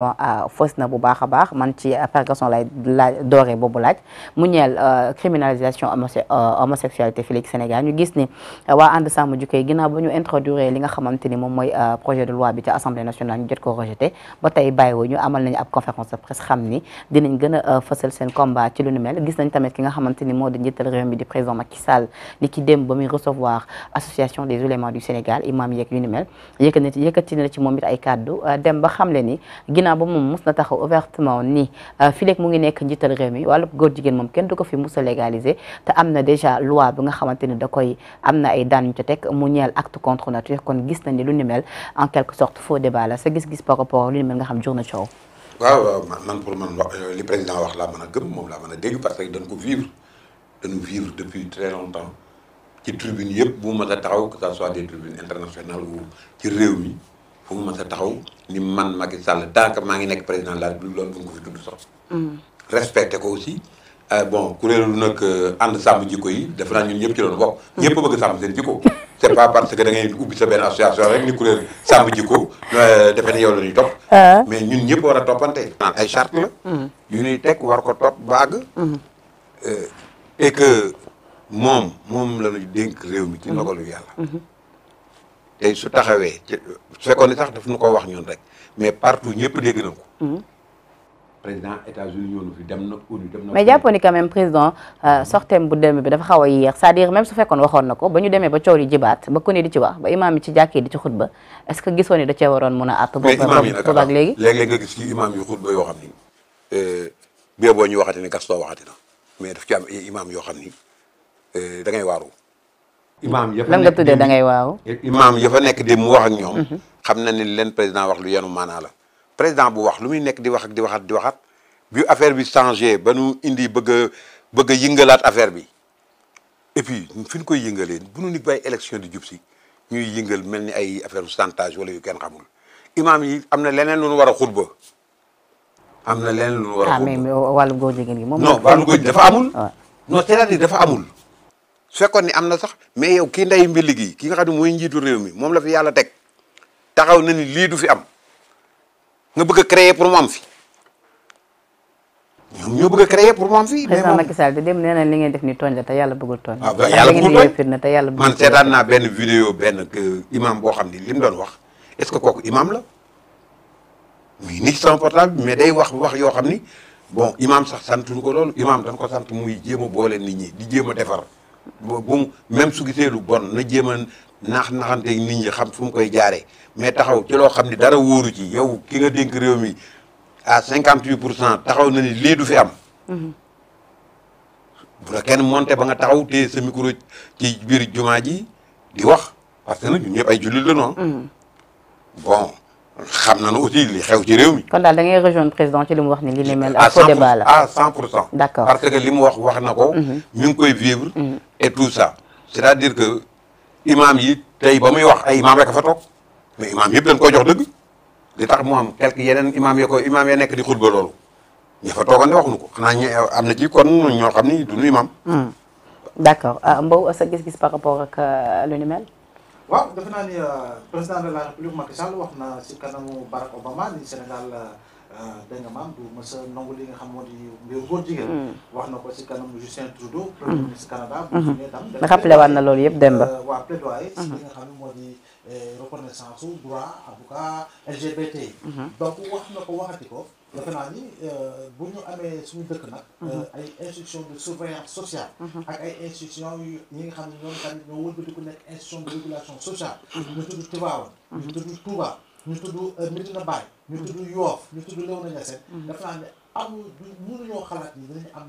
bon euh, fës na bu baax a baax man ci Ferguson lay laaj doore boobu laaj mu ñeel euh, criminalisation euh, homosexualité fii Sénégal ñu gis ni waa ànd sàmm jikko yi ginnaaw ba ñu introduire li nga xamante moom mooy projet de loi bi ci assemblée nationale ñu jot ko rejeté ba tey bàyyiwo ñu amal nañu ab conférence de presse xam ni dinañ gën a fësal seen combat ci lu nu mel gis nañ tamit ki nga xamante ni moo di njiital réew mi di président Macky ki démb ni mel dem ba xamle ni Amina Ba moom mus na taxaw ouvertement ni euh, fileeg mu ngi nekk njiital réew mi wàllu góor jigéen moom kenn du ko a légaliser na déjà loi bi xamante ni da koy am na ay daan mu ñeel acte contre nature kon gis nañ ni lu ni mel en quelque sorte faux débat la sa gis-gis par rapport lu ni mel nga xam jur na coow. waaw waaw man pour man wax li président wax laa mën a gëm moom laa mën a dégg parce que dañ ko vivre depuis très longtemps ci yëpp bu ma a taxaw que ça soit des tribunes internationales ci réew fu mu mës a taxaw ni man Macky Sall tant que maa ngi nekk président de la République loolu bu ñu ko fi tudd sax. Mm. respecté ko aussi euh, bon kuréelu nag euh, ànd sàmm jikko yi defe naa ñun ñëpp ci doon bokk. Mm. ñëpp bëgg sàmm seen jikko. c'est pas parce que da ngay ubbi sa benn association rek ni kuréel sàmm jikko euh, defe ne yow la ñuy topp. Ah. mais ñun ñëpp war a toppante. ay charte la. Mm. yu ñuy teg war ko topp baag. et que moom moom la ñu dénk réew mi ci ndogalu yàlla. Mm-hmm. tey su taxawee su fekkoon ne sax daf nu ko wax ñun rek mais partout ñëpp dégg na ko. Hmm. président États-Unis dem na ONU dem na. mais jàppoon ni même président euh, sortem bu demee bi dafa xaw a yeex c'est-à-dire même su fekkoon waxoon na ko ba ñu demee ba coow yi jibaat ba ku ne di ci wax ba imaam yi ci jàkkee di ci xutba est-ce que gisoon da cee mun a àtt. mais imaam yi nag ak léegi léeg-léeg nga gis ci imaam yu xutba yoo xam ni. Euh, bee boo ñu waxati ne Gaston waxati na mais daf ci am imaam yoo xam ni euh, dangay waar imaam ya fa nga tuddee da ngay waaw. imaam ya fa nekk di mu wax ak ñoom. Mhm. xam na ni leen président wax lu yanu maanaa la président bu wax lu muy nekk di wax di waxat di waxaat bi affaire bi changé ba nu indi bëgg a bëgg yëngalaat affaire bi et puis fi ñu koy yëngalee bu nu ba bàyyi élection di jubsi si ñuy yëngal mel ni ay affaire chantage wala yu kenn xamul imaam yi am na leneen lu ñu war a xutba am na leneen lu ñu war a ah, xutba ah mais wàllu góor dafa amul. non cest à dafa amul. su fekkoon ni am na sax mais yow kii nday liggéey gi ki nga xam ne mooy njiitu réew mi moom la fi yàlla teg taxaw na ni lii du fi am nga bëgg a créer pour mu fi a créer pour mu am fi. nee na li ngeen def ni tooñ la te yàlla bëggul tooñ. Ah, yàlla bëggul tooñ te yàlla bëggul man seetaan naa benn vidéo benn euh, imam boo xam ni li mu doon wax est-ce que kooku imam la muy nit sama portable mais day wax wax yoo xam ni bon imam sax santu nu ko loolu imam dañ ko sant muy jéem a boole nit ñi di jéem defar. bu mu même su gisee bon na jéem a naax naxanteeg nit ñi xam fu koy jaaree mais taxaw ci loo xam ni dara wóoru ci yow ki nga dénk réew mi à cinquante huit pour cent taxaw na ni lii du fi am. Mhm. bu la kenn monté ba nga taxaw te sa micro ci biir jumaa ji di wax parce que nag ñun ñëpp ay jullit la ah. mhm. bon xam nañu aussi li xew ci réew mi. kon daal da ngay rejoindre président ci li mu ni li ni mel. à pour cent. d'accord parce que li mu wax na ko. Mhm. ñu koy vivre. et tout ça c'est-à-dire que imam yi tey ba muy wax ay imam rek a fa toog mais imam yëpp dañ ko jox dëgg li tax mu am quelque yeneen imam ya ko imam ya nekk di xutba loolu ña fa toogoon wax waxuñu ko xanaa am na ci kon ñoo xam ni duñu imam hmm. d'accord ah, Mbow sa gis-gis par rapport ak euh, lu ni mel waaw defe naa ni euh, président de la république Macky wax na si kanamu Barack Obama ni Sénégal euh, Euh, dégg nga maam du mës a nangu li nga xam moo di mbir góor jigéen. Mm. wax na ko si kanam Justin Trudeau. Mm. premier ministre Canada. bu ñu mm-hmm. tam rappelé waat na loolu yëpp Demba. Euh, waa plaidoyer. si mm-hmm. li nga xam moo di euh, reconnaissance su droit avocat LGBT. Mm-hmm. donc wax na ko waxati ko. defe naa ni bu ñu amee suñu dëkk nag. ay institution de surveillance sociale. ak ay institution yu ñi nga xam ne ñoom tamit ñoo wëlbatiku nekk institution de régulation sociale. ñu tudd Tivaouane. ñu tudd Touba. ñu tudd na euh, Baye ñu tudd mm-hmm. Yoof ñu tudd Léona Niassène mm-hmm. dafa naa ne amul mënuñoo xalaat ni dinañu am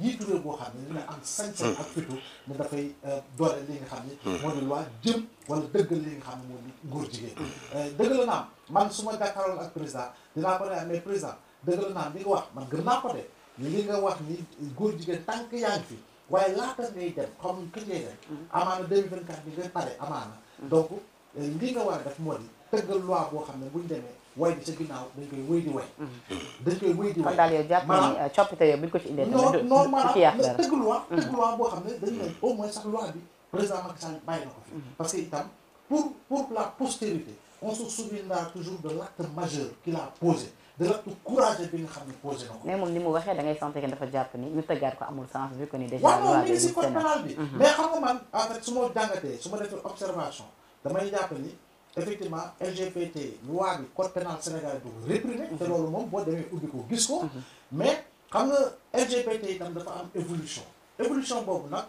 njiitu boo xam ne dina am sañ-sañ mm-hmm. ak euh, li nga xam ne moo di loi jëm wala dëggal li nga xam ne moo di góor jigéen euh, dëgg la naam man su ma jàkkaaroon ak président dinaa ko ne mais président dëgg la naam li wax man gën naa ko de li nga wax ni góor jigéen tànk yaa ngi fi waaye laata ngay dem xamuñ kañ ngay dem amaana 2024 bi nga pare amaana donc léegi lii nga war a def di tëggal loi boo xam ne bu ñu demee way bi sa ginnaaw dañ way di way mm-hmm. kon daal yow jàpp ni euh, coppite ko ci indee tamit non tëgg mm-hmm. loi boo xam ne dañ ne au loi bi mm-hmm. que itam pour pour on se souviendra nga xam ne posé na ko ni mu waxee da ngay sentir que dafa ni ñu tëggaat ko amul sens vu que ni observation damay jàpp ni effectivement LGBT loi bi code pénal Sénégal du ko mhm. te loolu moom boo demee ubbi ko gis ko mhm. mais xam nga LGBT itam dafa am évolution évolution boobu nag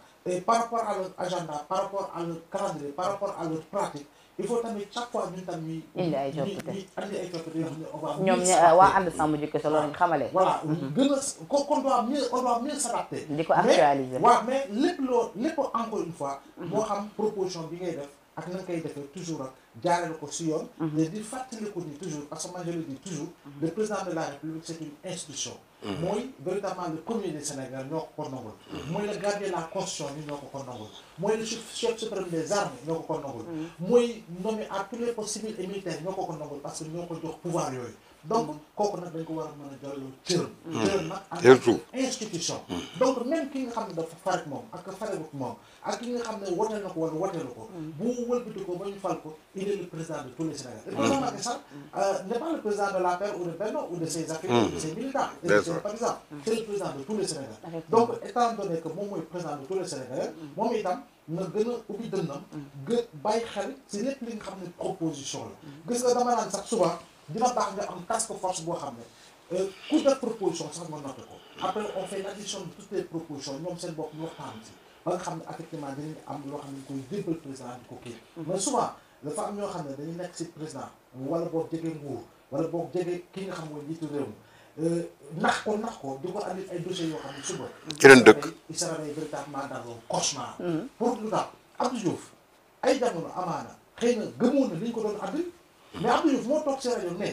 par rapport à leur agenda par rapport à leur calendrier par rapport à il faut tamit chaque fois ñun tam ñuy indi ay coppite ñuy andi ay coppite yoo xam ne mhm. a ko kon doit mieux on ko loo lépp encore une fois moo xam proposition bi ngay def ak na koy defee toujours ak jaarale ko si yoon. Mhm. mais di fàttaliku ni toujours parce que moi le dis toujours. Mhm. le président de la république c'est une institution. Mhm. mooy véritablement le premier du Sénégal ñoo ko ko nangul. mooy le gardien la constitution bi ñoo ko ko nangul. mooy le chef suprême des armées ñoo ko ko nangul. mooy nommé à tous les postes civils ñoo ko ko nangul parce que ñoo ko jox pouvoir yooyu. donc kooku nag dañ ko war a mën a delloo cër. Hmm. cër nag en institution. Hmm. donc même ki nga xam ne dafa farat moom ak faregut moom ak ki nga xam ne wote na ko wala woteelu ko. Hmm. bu wëlbati ko ba ñu fal ko il est le président de tous les Sénégalais. le président Macky Sall euh, n'est pas le président de l'APR ou de Benno ou de ses affiliés ou de ses militants. et de ses partisans c'est le président tous les Sénégalais. donc étant donné que moom mooy président de tous les Sénégalais. moom itam xam ne proposition la. gis nga dama naan sax souvent. di dina baax nga am task force boo xam ne euh, ku def proposition sax nga noté ko après on ñoom seen bopp ñu xam ne effectivement dinañ am loo xam mm-hmm. dafa am ñoo xam ne dañu nekk si président wala boog jege nguur wala boog jege ki nga xam mooy njiitu réew mi euh, nax ko nax ko di ko andil ay dossiers yoo xam ne suba mm-hmm. ci leen dëkk il se réveille véritablement dans un cauchemar mm-hmm. pour lu tax Abdou Diouf ay jamono amaana xëy na gëmoon na li ko doon andil mais Abdou Diouf moo toog si rajo ne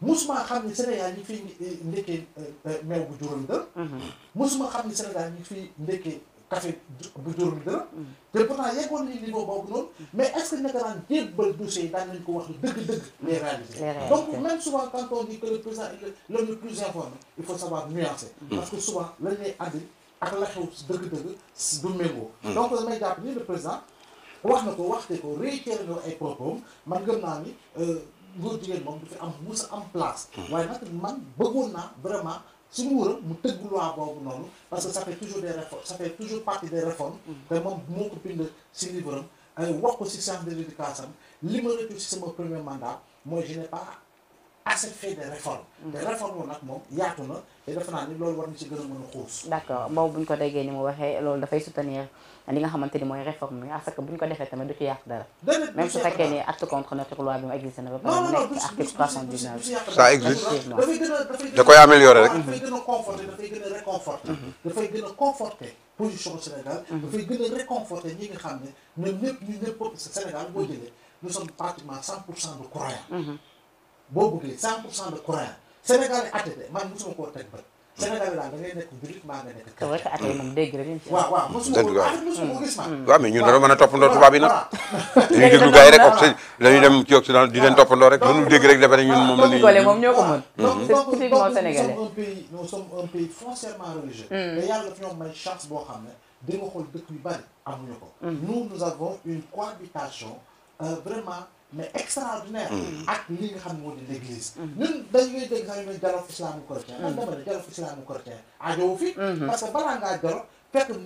musuma xam ni Sénégal ñi fi ndekkee euh, meew bu juróomi dërëm. Mm-hmm. musuma xam ni Sénégal ñi fi ndekkee café bu juróomi dërëm. te pourtant yeggoon nañu niveau boobu noonu. Mm-hmm. mais est ce que ñaka daan jébbal dossier yi daan nañu ko wax dëgg-dëgg. Mm-hmm. les réalités donc même souvent quand on dit que le président est le plus informé il faut savoir nuancer. parce que souvent lañ lay andi ak la xew dëgg-dëgg du méngoo. donc damay jàpp ni le président. wax na ko waxte ko réitéré na ay propos man gëm naa ni euh, ngóor jigéen moom am mus am place. Hmm. waaye nag man bëggoon naa vraiment suñu wóoram mu tëgg loi boobu noonu parce que ça fait toujours des réformes ça fait toujours partie des réformes. Hmm. te moom moo ko bind si livre am euh, wax ko si science de l'éducation li ma rëccu si sama premier mandat mooy je n'ai ça fait des réformes. te réforme nag moom yaatu na te defe naa ni loolu war na ci gën a mën a xuus. d'accord moom bu ñu ko déggee ni mu waxee loolu dafay soutenir li nga xamante ni mooy réforme yi parce que bu ñu ko defee tamit du ci yàq dara. même su fekkee ni acte contre notre loi bi mu existé na ba pare mu nekk article 319. ça existe dafay gën a dafay gën a da koy améliorer rek. dafay gën a conforter dafay gën a réconforter. dafay gën a conforter position Sénégal. dafay gën a réconforter ñi nga xam ne ñoom ñëpp ñu ñëpp Sénégal boo jëlee nous sommes pratiquement 100 pour cent de croyants. boo bëggee 100 pour cent de croyant Sénégal yi athée man mosuma koo teg bët. Sénégal yi daal da ngay nekk jullit maa nga nekk. te war a athée moom dégg rek. waaw waaw mosuma ko mosuma ko gis maa. Mm. waaw mais ñun dara mën a toppandoo tubaab yi nag. dañuy déglu gars yi rek occident dañuy dem ci occident di leen toppandoo rek mënul dégg rek dafa ne ñun moom la ñuy. waaw moom ñoo ko mën. Mm-hmm. donc typiquement mm. boo xam ne di nga xool dëkk ko. Mm. mais extraordinaire. Mm. ak li nga xam moo di l'église. ñun dañuy dégg sax ñu ne dialogue islamo-chrétien. man dama ne dialogue islamo-chrétien aajowu fi. Mm-hmm. parce que balaa ngaa dialogue fekk